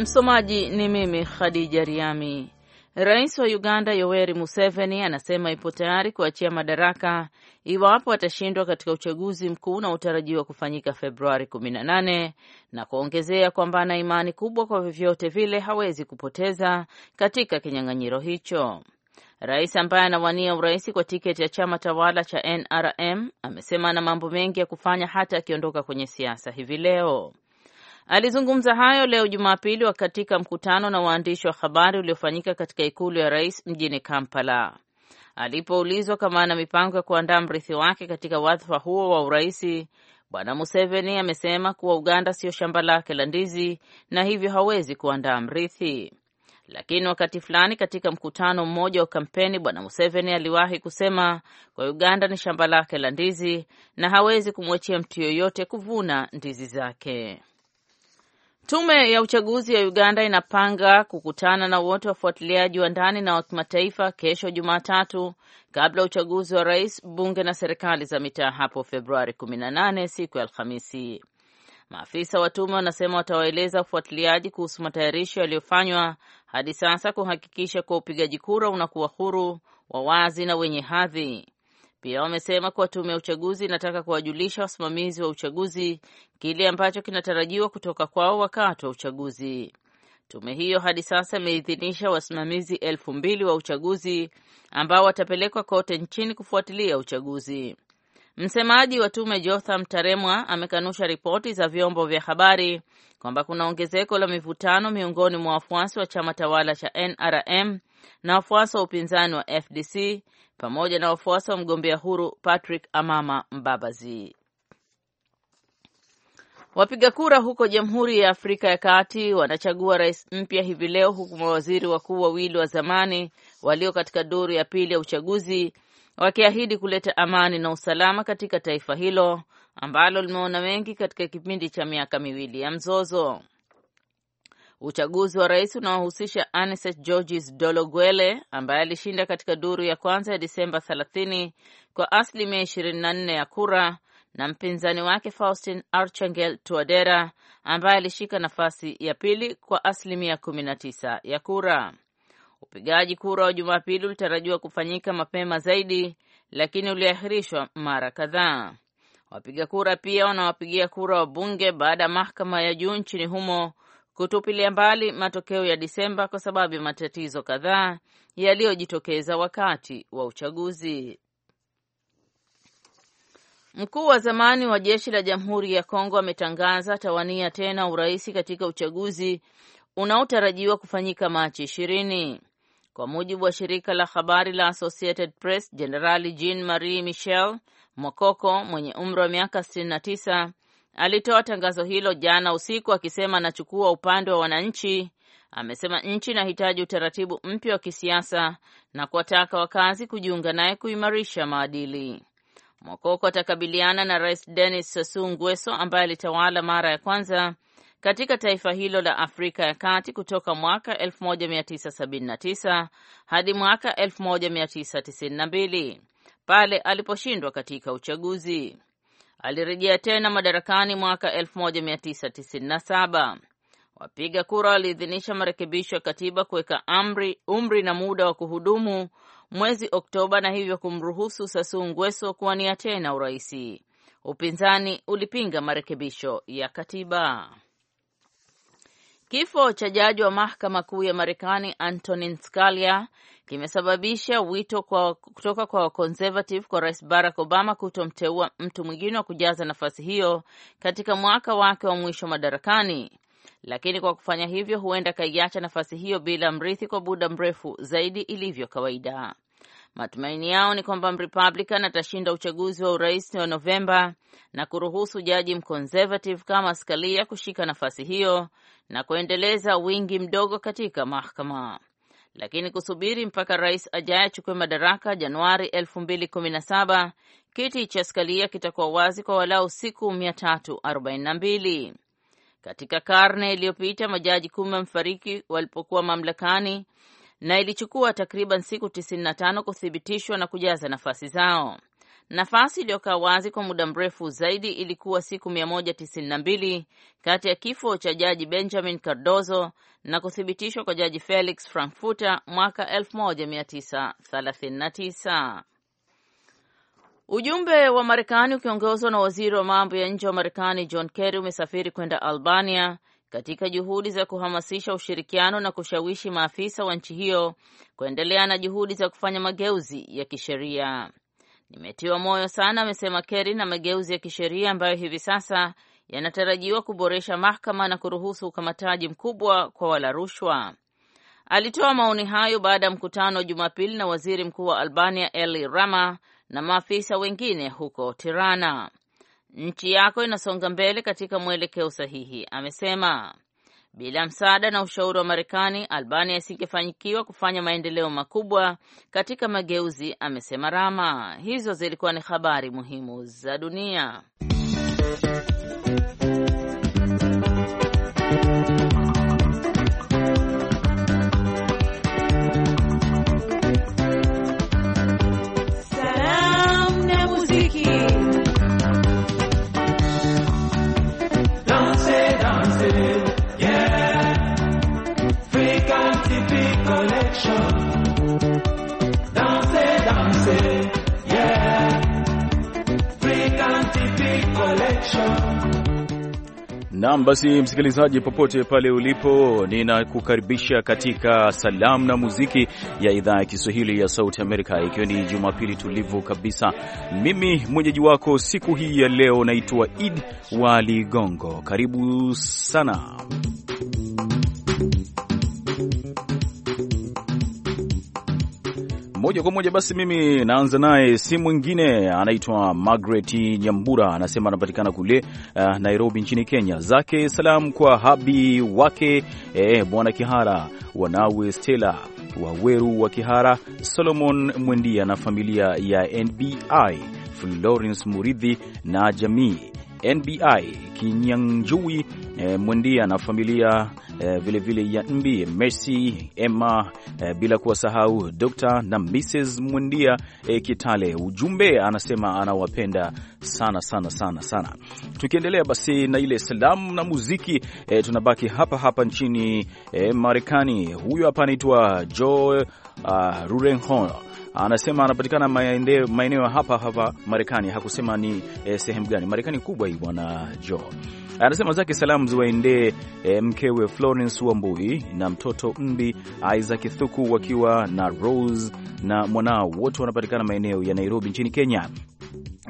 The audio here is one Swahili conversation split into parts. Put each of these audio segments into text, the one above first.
Msomaji ni mimi Khadija Riami. Rais wa Uganda Yoweri Museveni anasema ipo tayari kuachia madaraka iwapo atashindwa katika uchaguzi mkuu unaotarajiwa kufanyika Februari 18 na kuongezea kwamba ana imani kubwa kwa vyovyote vile hawezi kupoteza katika kinyang'anyiro hicho. Rais ambaye anawania urais kwa tiketi ya chama tawala cha NRM amesema ana mambo mengi ya kufanya hata akiondoka kwenye siasa hivi leo. Alizungumza hayo leo Jumapili wakatika mkutano na waandishi wa habari uliofanyika katika ikulu ya rais mjini Kampala. Alipoulizwa kama ana mipango ya kuandaa mrithi wake katika wadhifa huo wa uraisi, Bwana Museveni amesema kuwa Uganda siyo shamba lake la ndizi na hivyo hawezi kuandaa mrithi. Lakini wakati fulani katika mkutano mmoja wa kampeni, Bwana Museveni aliwahi kusema kwa Uganda ni shamba lake la ndizi na hawezi kumwachia mtu yoyote kuvuna ndizi zake. Tume ya uchaguzi ya Uganda inapanga kukutana na wote wafuatiliaji wa ndani na wa kimataifa kesho Jumatatu, kabla ya uchaguzi wa rais, bunge na serikali za mitaa hapo Februari 18 siku ya Alhamisi. Maafisa wa tume wanasema watawaeleza wafuatiliaji kuhusu matayarisho yaliyofanywa hadi sasa kuhakikisha kuwa upigaji kura unakuwa huru, wa wazi na wenye hadhi. Pia wamesema kuwa tume ya uchaguzi inataka kuwajulisha wasimamizi wa uchaguzi kile ambacho kinatarajiwa kutoka kwao wakati wa uchaguzi. Tume hiyo hadi sasa imeidhinisha wasimamizi elfu mbili wa uchaguzi ambao watapelekwa kote nchini kufuatilia uchaguzi. Msemaji wa tume Jotham Taremwa amekanusha ripoti za vyombo vya habari kwamba kuna ongezeko la mivutano miongoni mwa wafuasi wa chama tawala cha NRM na wafuasi wa upinzani wa FDC pamoja na wafuasi wa mgombea huru Patrick Amama Mbabazi. Wapiga kura huko Jamhuri ya Afrika ya Kati wanachagua rais mpya hivi leo, huku mawaziri wakuu wawili wa zamani walio katika duru ya pili ya uchaguzi wakiahidi kuleta amani na usalama katika taifa hilo ambalo limeona mengi katika kipindi cha miaka miwili ya mzozo. Uchaguzi wa rais unaohusisha Aniset Georges Dologuele ambaye alishinda katika duru ya kwanza ya Disemba 30 kwa asilimia 24 ya kura na mpinzani wake Faustin Archangel tuadera ambaye alishika nafasi ya pili kwa asilimia 19 ya kura. Upigaji kura wa Jumapili ulitarajiwa kufanyika mapema zaidi, lakini uliahirishwa mara kadhaa. Wapiga kura pia wanawapigia kura wa bunge baada ya mahakama ya juu nchini humo kutupilia mbali matokeo ya Disemba kwa sababu ya matatizo kadhaa yaliyojitokeza wakati wa uchaguzi. Mkuu wa zamani wa jeshi la Jamhuri ya Kongo ametangaza atawania tena urais katika uchaguzi unaotarajiwa kufanyika Machi ishirini. Kwa mujibu wa shirika la habari la Associated Press, Jenerali Jean Marie Michel Mokoko mwenye umri wa miaka 69 Alitoa tangazo hilo jana usiku akisema anachukua upande wa wananchi. Amesema nchi inahitaji utaratibu mpya wa kisiasa na kuwataka wakazi kujiunga naye kuimarisha maadili. Mwakoko atakabiliana na Rais Denis Sassou Nguesso ambaye alitawala mara ya kwanza katika taifa hilo la Afrika ya Kati kutoka mwaka 1979 hadi mwaka 1992 pale aliposhindwa katika uchaguzi. Alirejea tena madarakani mwaka 1997. Wapiga kura waliidhinisha marekebisho ya katiba kuweka amri umri na muda wa kuhudumu mwezi Oktoba na hivyo kumruhusu Sassou Nguesso kuwania tena uraisi. Upinzani ulipinga marekebisho ya katiba. Kifo cha jaji wa mahakama kuu ya Marekani Antonin Scalia kimesababisha wito kwa, kutoka kwa wakonservative kwa Rais Barack Obama kutomteua mtu mwingine wa kujaza nafasi hiyo katika mwaka wake wa mwisho madarakani, lakini kwa kufanya hivyo huenda akaiacha nafasi hiyo bila mrithi kwa muda mrefu zaidi ilivyo kawaida. Matumaini yao ni kwamba Mrepublican atashinda uchaguzi wa urais wa Novemba na kuruhusu jaji mconservative kama Scalia kushika nafasi hiyo na kuendeleza wingi mdogo katika mahakama, lakini kusubiri mpaka rais ajaye achukue madaraka Januari 2017 kiti cha Scalia kitakuwa wazi kwa walau siku 342. Katika karne iliyopita majaji kumi wamefariki walipokuwa mamlakani na ilichukua takriban siku 95 kuthibitishwa na kujaza nafasi zao. Nafasi iliyokaa wazi kwa muda mrefu zaidi ilikuwa siku 192 kati ya kifo cha jaji Benjamin Cardozo na kuthibitishwa kwa jaji Felix Frankfurter mwaka 1939. Ujumbe wa Marekani ukiongozwa na waziri wa mambo ya nje wa Marekani John Kerry umesafiri kwenda Albania katika juhudi za kuhamasisha ushirikiano na kushawishi maafisa wa nchi hiyo kuendelea na juhudi za kufanya mageuzi ya kisheria. Nimetiwa moyo sana, amesema Kerry, na mageuzi ya kisheria ambayo hivi sasa yanatarajiwa kuboresha mahakama na kuruhusu ukamataji mkubwa kwa wala rushwa. Alitoa maoni hayo baada ya mkutano wa Jumapili na waziri mkuu wa Albania Eli Rama na maafisa wengine huko Tirana nchi yako inasonga mbele katika mwelekeo sahihi, amesema. Bila msaada na ushauri wa Marekani, Albania isingefanikiwa kufanya maendeleo makubwa katika mageuzi, amesema Rama. Hizo zilikuwa ni habari muhimu za dunia. Naam, basi msikilizaji, popote pale ulipo, ninakukaribisha katika salamu na muziki ya idhaa ya Kiswahili ya Sauti Amerika, ikiwa ni Jumapili tulivu kabisa. Mimi mwenyeji wako siku hii ya leo naitwa Id wa Ligongo. Karibu sana. Moja kwa moja basi mimi naanza naye, si mwingine anaitwa Margaret Nyambura, anasema anapatikana kule uh, Nairobi nchini Kenya. Zake salam kwa habi wake eh, bwana Kihara, wanawe Stella Waweru wa Kihara, Solomon Mwendia na familia ya NBI, Florence Muridhi na jamii NBI Kinyanjui e, Mwendia na familia eh, e, vilevile ya Mbi Messi Emma e, bila kuwasahau Dr. na Mrs. Mwendia e, Kitale. Ujumbe anasema anawapenda sana sana sana sana. Tukiendelea basi na ile salamu na muziki e, tunabaki hapa hapa nchini e, Marekani. Huyu hapa anaitwa Joe uh, Rurenhorn anasema anapatikana maeneo hapa hapa Marekani. Hakusema ni eh, sehemu gani. Marekani kubwa hii bwana Joe. Anasema zake salamu ziwaendee eh, mkewe Florence Wambui na mtoto Mbi Isaac Thuku wakiwa na Rose na mwanao, wote wanapatikana maeneo ya Nairobi nchini Kenya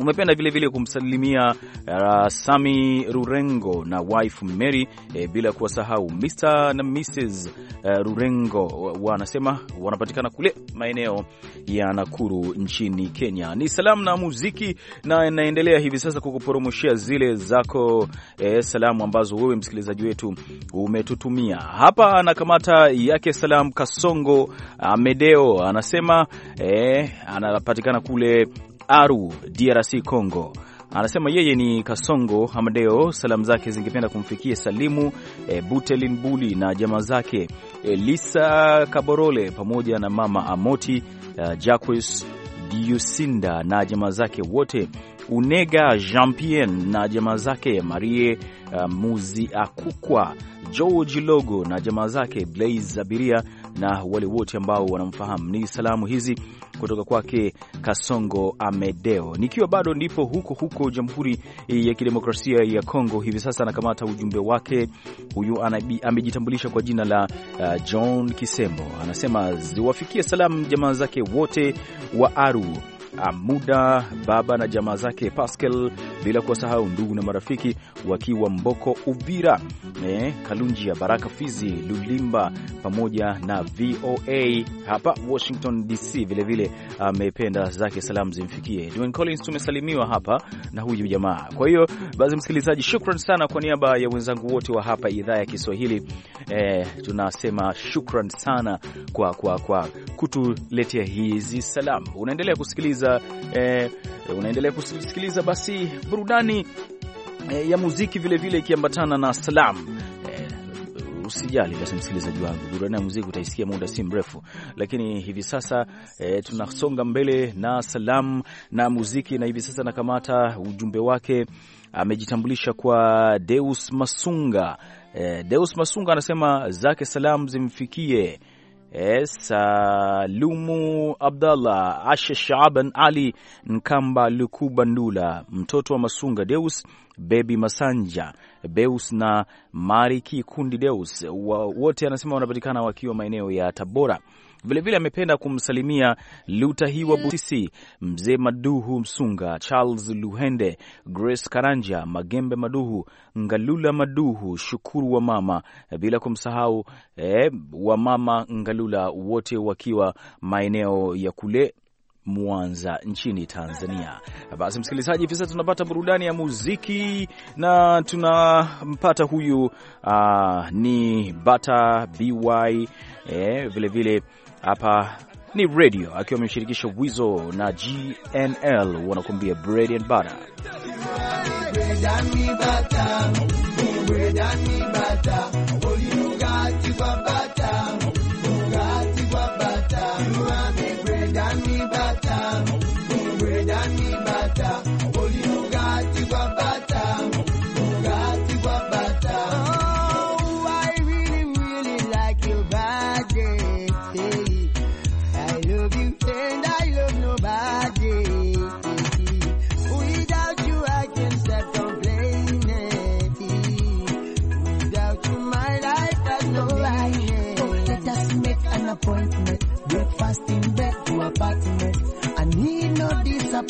umependa vilevile kumsalimia uh, Sami Rurengo na wife Mary eh, bila kuwasahau Mr na Mrs uh, Rurengo wanasema wanapatikana kule maeneo ya Nakuru nchini Kenya. Ni salamu na muziki, na naendelea hivi sasa kukuporomoshea zile zako eh, salamu ambazo wewe msikilizaji wetu umetutumia hapa. Anakamata yake salamu Kasongo Amedeo anasema eh, anapatikana kule Aru, DRC Congo. Anasema yeye ni Kasongo Hamdeo. Salamu zake zingependa kumfikia Salimu e, Butelin Buli na jamaa zake e, Lisa Kaborole pamoja na mama Amoti e, Jacques Diusinda na jamaa zake wote, Unega Pierre na jamaa zake Marie uh, Muzi Akukwa, George Logo na jamaa zake Blaise Abiria na wale wote ambao wanamfahamu. Ni salamu hizi kutoka kwake Kasongo Amedeo. Nikiwa bado ndipo huko huko Jamhuri ya Kidemokrasia ya Kongo, hivi sasa anakamata ujumbe wake. Huyu amejitambulisha kwa jina la uh, John Kisembo, anasema ziwafikie salamu jamaa zake wote wa Aru Amuda baba na jamaa zake Pascal, bila kuwasahau ndugu na marafiki wakiwa Mboko, Uvira, e, Kalunji ya Baraka, Fizi, Lulimba, pamoja na VOA hapa Washington DC. Vilevile ah, amependa zake salamu zimfikie Dwayne Collins, tumesalimiwa hapa na huyu jamaa. Kwa hiyo basi, msikilizaji, shukran sana kwa niaba ya wenzangu wote wa hapa idhaa ya Kiswahili e, tunasema shukran sana kwa, kwa, kwa kutuletea hizi salamu. Unaendelea kusikiliza kusikiliza eh, unaendelea kusikiliza basi burudani eh, ya muziki vilevile ikiambatana vile na salam eh, usijali basi msikilizaji wangu, burudani ya muziki utaisikia muda si mrefu, lakini hivi sasa eh, tunasonga mbele na salam na muziki, na hivi sasa nakamata ujumbe wake. Amejitambulisha kwa Deus Masunga. Eh, Deus Masunga anasema zake salam zimfikie Salumu Abdallah Asha Shaaban Ali Nkamba Lukuba Ndula mtoto wa Masunga Deus Bebi Masanja Beus na Mariki Kundi Deus wote anasema wanapatikana wakiwa maeneo ya Tabora. Vilevile amependa kumsalimia Lutahiwa Busisi, Mzee Maduhu Msunga, Charles Luhende, Grace Karanja, Magembe Maduhu, Ngalula Maduhu, Shukuru wa mama, bila kumsahau eh, wa mama Ngalula, wote wakiwa maeneo ya kule Mwanza nchini Tanzania. Basi msikilizaji, hivi sasa tunapata burudani ya muziki na tunampata huyu uh, ni Bata By eh, vilevile hapa ni radio akiwa amemshirikisha Wizo na GNL wanakuambia bread and butter.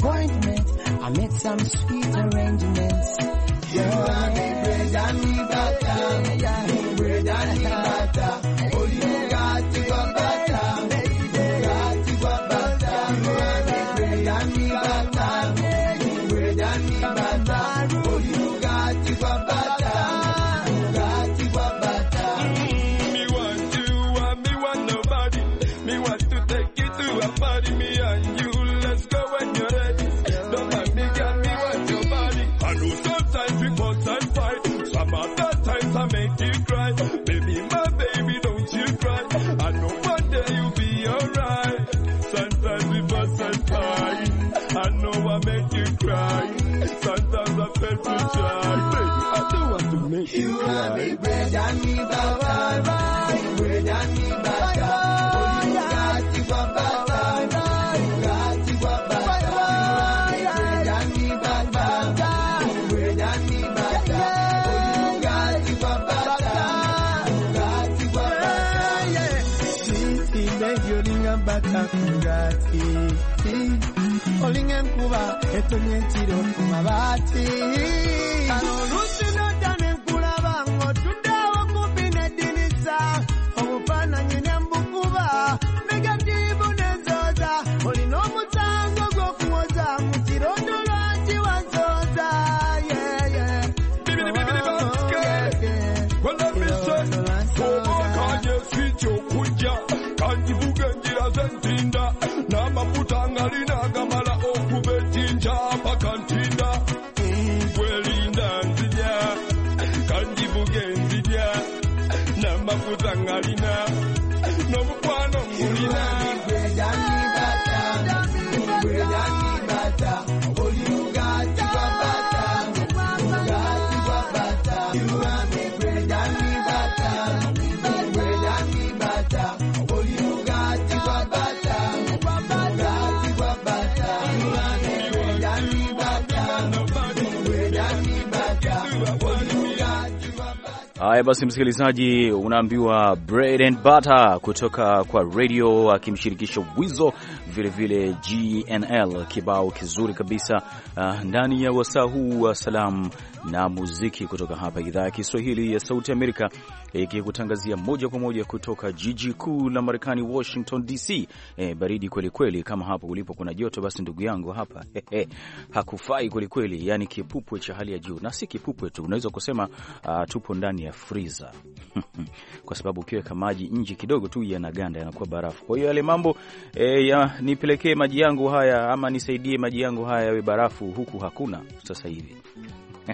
Appointment. I made some sweet arrangements. nafunye ekiro ku mabaati kano oluusi nodda ne nkulaba ng'otuddeawo kubi nedinisa obufaananyi ne mbukuba negatiibu nenzooza olina omusango gw'okuwoza mu kirondo lwaki wansooza yeyeoaaeokuja kanjivuga enjira zentinda Haya basi, msikilizaji, unaambiwa bread and butter kutoka kwa radio akimshirikisha Wizo, vilevile GNL, kibao kizuri kabisa uh, ndani ya wasaa huu wa salamu na muziki kutoka hapa idhaa ya Kiswahili ya Sauti Amerika, ikikutangazia moja kwa moja kutoka jiji kuu la Marekani, Washington DC. E, baridi kwelikweli Kama hapo ulipo kuna joto, basi ndugu yangu hapa he, he, hakufai kwelikweli Yani kipupwe cha hali ya juu, na si kipupwe tu, unaweza kusema uh, tupo ndani ya friza kwa sababu ukiweka maji nje kidogo tu yanaganda, yanakuwa barafu. Kwa hiyo yale mambo e, ya, nipelekee maji yangu haya ama nisaidie maji yangu haya yawe barafu, huku hakuna sasa hivi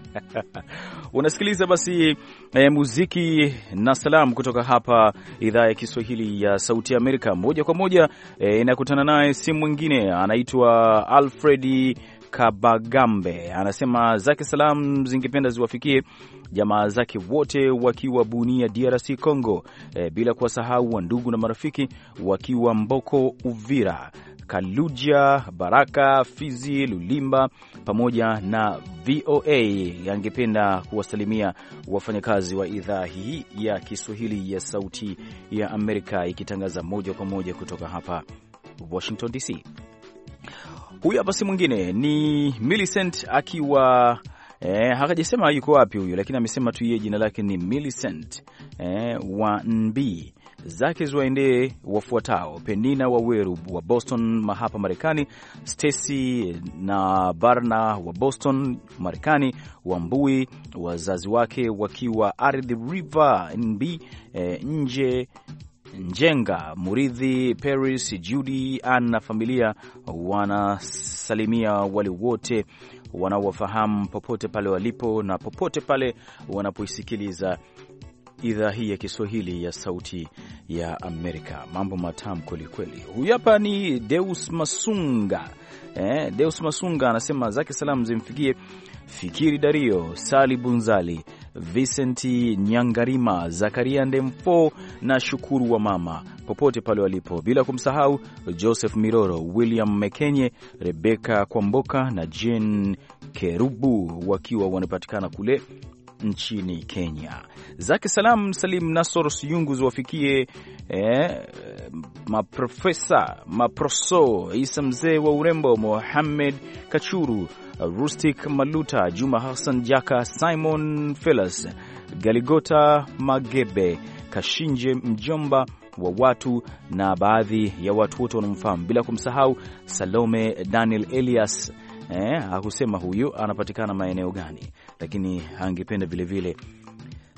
Unasikiliza basi e, muziki na salamu kutoka hapa idhaa ya Kiswahili ya Sauti ya Amerika moja kwa moja. E, inakutana naye si mwingine anaitwa Alfredi Kabagambe anasema zake salamu zingependa ziwafikie jamaa zake wote wakiwa Bunia, DRC Congo, e, bila kuwasahau wa ndugu na marafiki wakiwa Mboko, Uvira, Kaluja, Baraka, Fizi, Lulimba pamoja na VOA yangependa kuwasalimia wafanyakazi wa idhaa hii ya Kiswahili ya Sauti ya Amerika ikitangaza moja kwa moja kutoka hapa Washington DC. Huyu hapa si mwingine ni Millicent akiwa Eh, hakajasema yuko wapi huyu lakini amesema tu yeye jina lake ni Millicent eh, wa NB zake ziwaendee wafuatao: Penina Waweru wa Boston hapa Marekani, Stacy na Barna wa Boston Marekani, Wambui wazazi wake wakiwa Ardhi River NB e, eh, nje Njenga Muridhi, Paris Judy Ann na familia wanasalimia wale wote wanaowafahamu popote pale walipo na popote pale wanapoisikiliza idhaa hii ya Kiswahili ya Sauti ya Amerika. Mambo matamu kwelikweli. Huyu hapa ni Deus Masunga. Eh, Deus Masunga anasema zake salamu zimfikie Fikiri Dario, Sali Bunzali, Vicenti Nyangarima, Zakaria Ndemfo na Shukuru wa mama popote pale walipo, bila kumsahau Joseph Miroro, William Mekenye, Rebeka Kwamboka na Jen Kerubu wakiwa wanapatikana kule nchini Kenya. Zake salam Salim Nasor Siyungu ziwafikie eh, maprofesa maproso Isa mzee wa urembo, Mohamed Kachuru, Rustic Maluta, Juma Hassan Jaka, Simon Felas, Galigota Magebe, Kashinje mjomba wa watu na baadhi ya watu wote wanamfahamu, bila kumsahau Salome Daniel Elias. Eh, hakusema huyu anapatikana maeneo gani lakini angependa vilevile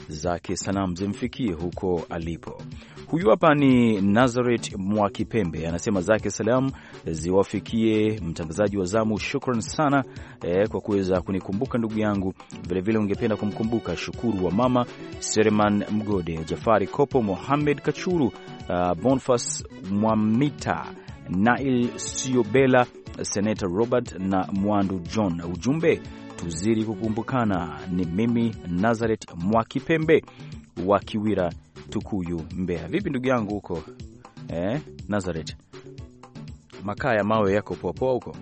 zake salam zimfikie huko alipo. Huyu hapa ni Nazaret Mwakipembe, anasema zake salam ziwafikie mtangazaji wa zamu. Shukran sana eh, kwa kuweza kunikumbuka ndugu yangu. Vilevile ungependa kumkumbuka Shukuru wa mama Sereman Mgode, Jafari Kopo, Mohamed Kachuru, uh, Bonfas Mwamita, Nail Siobela, Senata Robert na Mwandu John. Ujumbe tuzidi kukumbukana. Ni mimi Nazaret Mwakipembe wa Kiwira, Tukuyu, Mbeya. Vipi ndugu yangu huko eh, Nazaret? Makaa ya mawe yako poapoa huko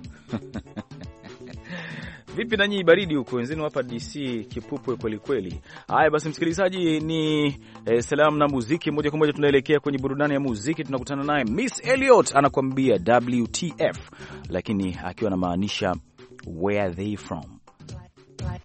Vipi na nanyi, baridi huko wenzenu? Hapa DC kipupwe kwelikweli. Haya basi, msikilizaji, ni eh, salamu na muziki. Moja kwa moja tunaelekea kwenye burudani ya muziki, tunakutana naye Miss Elliot anakuambia WTF, lakini akiwa anamaanisha where they from. Bye.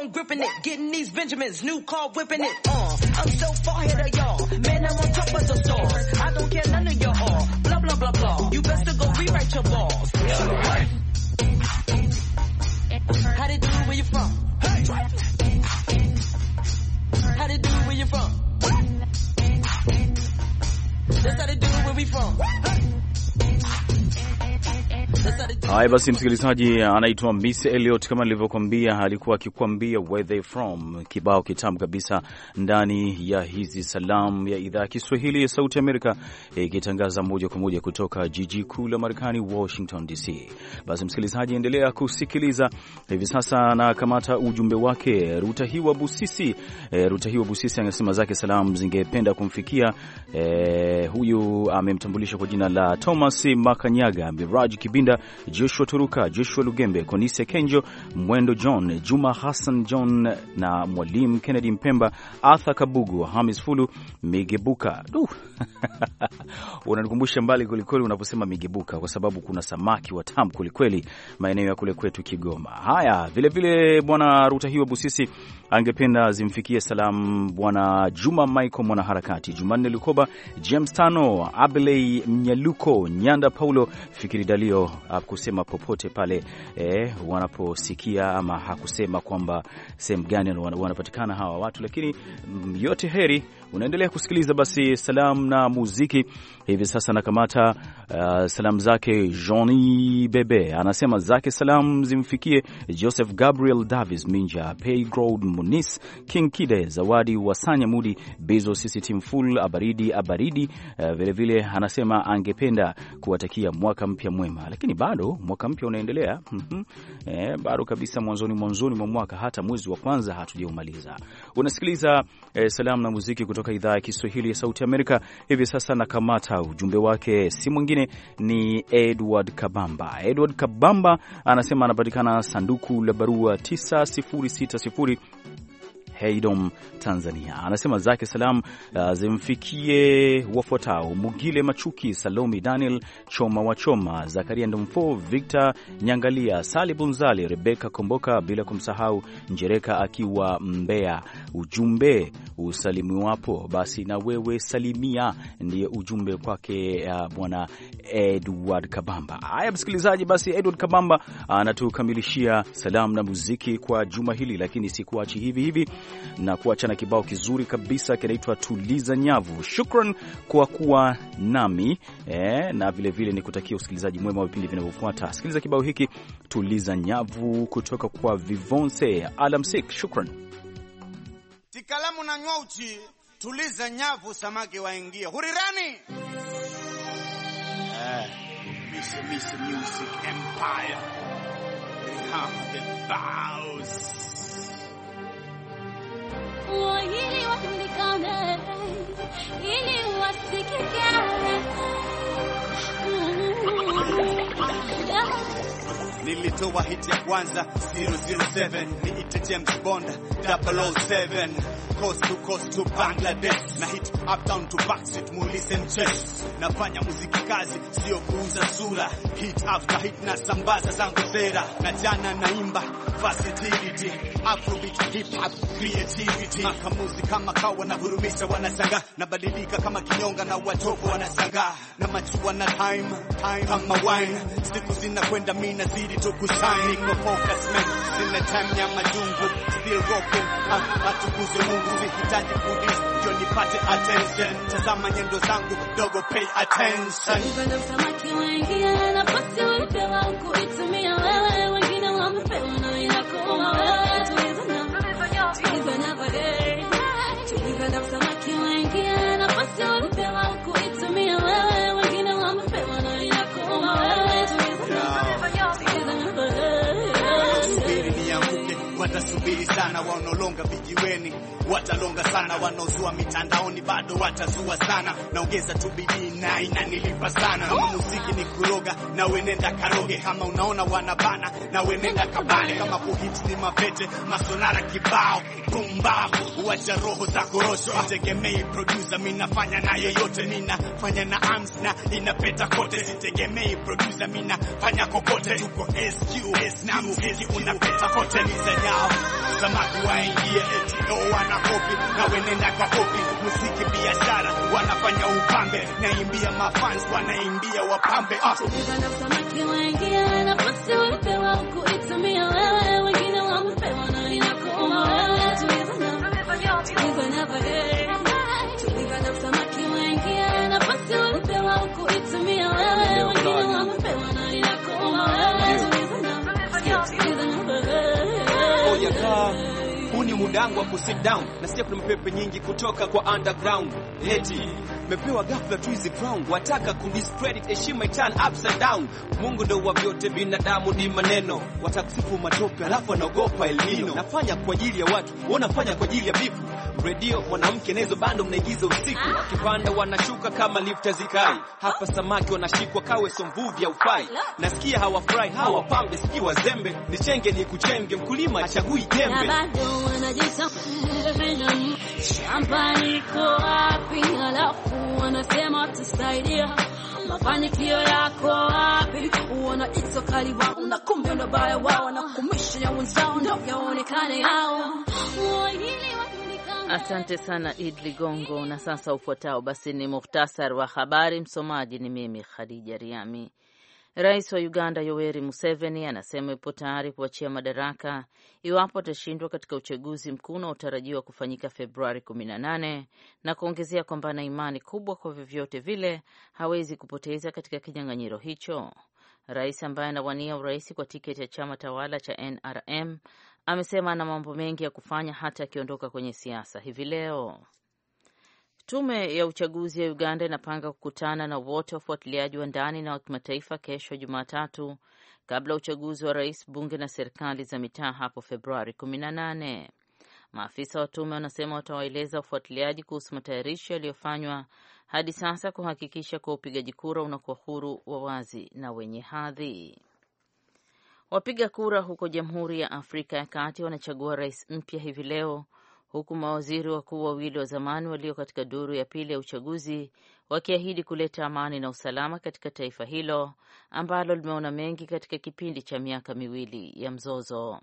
phone gripping it, getting these Benjamins, new car whipping it. Uh, I'm so far ahead of y'all, man. I'm on top Haya basi, msikilizaji, anaitwa Miss Elliot kama nilivyokuambia, alikuwa akikwambia where they from, kibao kitamu kabisa ndani ya hizi salamu ya idhaa ya Kiswahili ya Sauti Amerika ikitangaza e, moja kwa moja kutoka jiji kuu la Marekani, Washington DC. Basi msikilizaji, endelea kusikiliza hivi sasa na kamata ujumbe wake Ruta Hiwa Busisi. E, eh, Ruta Hiwa Busisi anasema zake salamu zingependa kumfikia e, huyu amemtambulisha kwa jina la Thomas Makanyaga, Miraj Kibinda Joshua Turuka, Joshua Lugembe, Konise Kenjo, Mwendo John, Juma Hassan John na Mwalimu Kennedy Mpemba, Arthur Kabugu, Hamis Fulu, Migebuka. Unanikumbusha mbali kwelikweli unaposema Migebuka, kwa sababu kuna samaki wa tamu kwelikweli maeneo ya kule kwetu Kigoma. Haya, vilevile Bwana ruta hiwa Busisi angependa zimfikie salamu Bwana Juma Michael mwanaharakati, Jumanne Lukoba, James Tano, Abley Mnyaluko, Nyanda Paulo, Fikiri Dalio akusema popote pale eh, wanaposikia ama hakusema kwamba sehemu gani wanapatikana hawa watu, lakini mm, yote heri Unaendelea kusikiliza basi salamu na muziki hivi sasa. Nakamata uh, salamu zake Johnny Bebe, anasema zake salamu zimfikie Joseph Gabriel Davis Minja, Paygroad Munis, King Kide, Zawadi Wasanya, Mudi Bezo, Sisi Full Abaridi Abaridi. Vilevile uh, vile, anasema angependa kuwatakia mwaka mpya mwema, lakini bado mwaka mpya unaendelea mhm. eh, bado kabisa mwanzoni mwanzoni mwa mwaka, hata mwezi wa kwanza hatujaumaliza. Unasikiliza eh, salamu na muziki kutu kutoka idhaa ya Kiswahili ya Sauti Amerika. Hivi sasa nakamata ujumbe wake, si mwingine ni Edward Kabamba. Edward Kabamba anasema anapatikana sanduku la barua 9060 Heidom, Tanzania, anasema zake salam uh, zimfikie wafuatao: Mugile Machuki, Salomi Daniel, Choma wa Choma, Zakaria Ndomfo, Victor Nyangalia, Sali Bunzali, Rebeka Komboka, bila kumsahau Njereka akiwa Mbeya. Ujumbe usalimiwapo basi na wewe salimia, ndiye ujumbe kwake uh, bwana Edward Kabamba. Haya msikilizaji, basi Edward Kabamba anatukamilishia salamu na muziki kwa juma hili, lakini sikuachi hivi hivi na kuachana kibao kizuri kabisa kinaitwa Tuliza Nyavu. Shukran kwa kuwa nami e, na vilevile ni kutakia usikilizaji mwema wa vipindi vinavyofuata. Sikiliza kibao hiki Tuliza Nyavu kutoka kwa Vivonse. Alamsik, shukran. Tikalamu na nyauchi, tuliza nyavu, samaki waingie hurirani. Eh, music Empire. have the bows. Nilitoa hit ya kwanza 007 ite James Bond 007 coast to coast to Bangladesh na hit down to backseat mulise mches nafanya muziki kazi sio kuuza sura hit after hit na sambaza zangu zera na jana naimba versatility, afrobeat, hip hop, creativity. Makamuzi kama kawa wanavurumisha, wanashangaa nabadilika kama kinyonga na watoto wanasanga na machuwa na time time kama wine, siku kwenda mina zidi to kushine, niko focus man, sina time ya majungu, still rocking, hatukuze Mungu, sihitaji kudis ndio nipate attention, tazama nyendo zangu dogo, pay attention samaki wengi ya nana watalonga sana, wanaozua mitandaoni bado watazua sana, naongeza tu bidii na inanilipa sana. muziki ni kuroga, na wenenda karoge. Kama unaona wanabana, na wenenda kabale Kama kuhiti ni mapete, masonara kibao, pumbavu, wacha roho za korosho, tegemei producer mimi nafanya na yoyote, fanya na arms na inapeta kote, sitegemei producer mimi nafanya kokote, tuko SQS na muziki unapeta kote, ni zao samaki waingia wana copy na wenenda kwa copy muziki biashara wanafanya upambe, naimbia mafans wanaimbia wapambe uh. mlango wa kusit down, nasikia kuna mapepe nyingi kutoka kwa underground eti mepewa ghafla tu hizi crown, wataka kudiscredit heshima itan upside down. Mungu ndo wa vyote, binadamu ni maneno, watakusifu matope alafu anaogopa elmino. Nafanya kwa ajili ya watu, wanafanya kwa ajili ya bifu redio mwanamke nazo bando mnaigiza usiku, ah. Kipanda wanashuka kama lifta zikai. Hapa oh. samaki wanashikwa kawe somvuvi aufai, nasikia hawafurahi hawa pambe, sijui wazembe, ni chenge ni kuchenge, mkulima achagui jembe shamba liko wapi? Halafu wanasema watusaidia, mafanikio yako kumbe ndo baya wao, na wanakumisha wenzao ndo yaonekane hao Asante sana Id Ligongo. Na sasa ufuatao basi ni muhtasari wa habari. Msomaji ni mimi Khadija Riami. Rais wa Uganda Yoweri Museveni anasema ipo tayari kuachia madaraka iwapo atashindwa katika uchaguzi mkuu unaotarajiwa kufanyika Februari 18 na kuongezea kwamba ana imani kubwa kwa vyovyote vile hawezi kupoteza katika kinyang'anyiro hicho. Rais ambaye anawania urais kwa tiketi ya chama tawala cha NRM amesema ana mambo mengi ya kufanya hata akiondoka kwenye siasa hivi leo. Tume ya uchaguzi ya Uganda inapanga kukutana na wote wafuatiliaji wa ndani na wa kimataifa kesho Jumatatu, kabla uchaguzi wa rais, bunge na serikali za mitaa hapo Februari 18. Maafisa wa tume wanasema watawaeleza wafuatiliaji kuhusu matayarisho yaliyofanywa hadi sasa kuhakikisha kuwa upigaji kura unakuwa huru wa wazi na wenye hadhi. Wapiga kura huko Jamhuri ya Afrika ya Kati wanachagua rais mpya hivi leo huku mawaziri wakuu wawili wa zamani walio katika duru ya pili ya uchaguzi wakiahidi kuleta amani na usalama katika taifa hilo ambalo limeona mengi katika kipindi cha miaka miwili ya mzozo.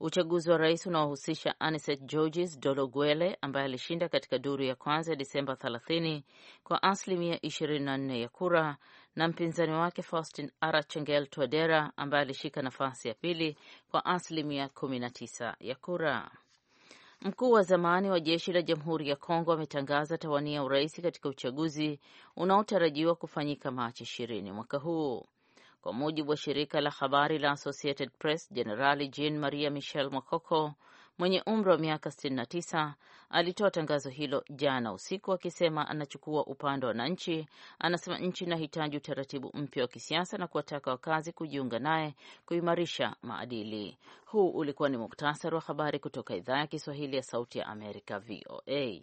Uchaguzi wa rais unaohusisha Aniset Georges Dologuele ambaye alishinda katika duru ya kwanza ya Disemba 30 kwa asilimia 24 ya kura na mpinzani wake Faustin arachengel Twadera ambaye alishika nafasi ya pili kwa asilimia 19 ya kura. Mkuu wa zamani wa jeshi la Jamhuri ya Kongo ametangaza tawania urais katika uchaguzi unaotarajiwa kufanyika Machi ishirini mwaka huu. Kwa mujibu wa shirika la habari la Associated Press, Jenerali Jean Maria Michel Mococo mwenye umri wa miaka 69 alitoa tangazo hilo jana usiku akisema anachukua upande wa wananchi. Anasema nchi inahitaji utaratibu mpya wa kisiasa na kuwataka wakazi kujiunga naye kuimarisha maadili. Huu ulikuwa ni muktasari wa habari kutoka idhaa ya Kiswahili ya Sauti ya Amerika, VOA.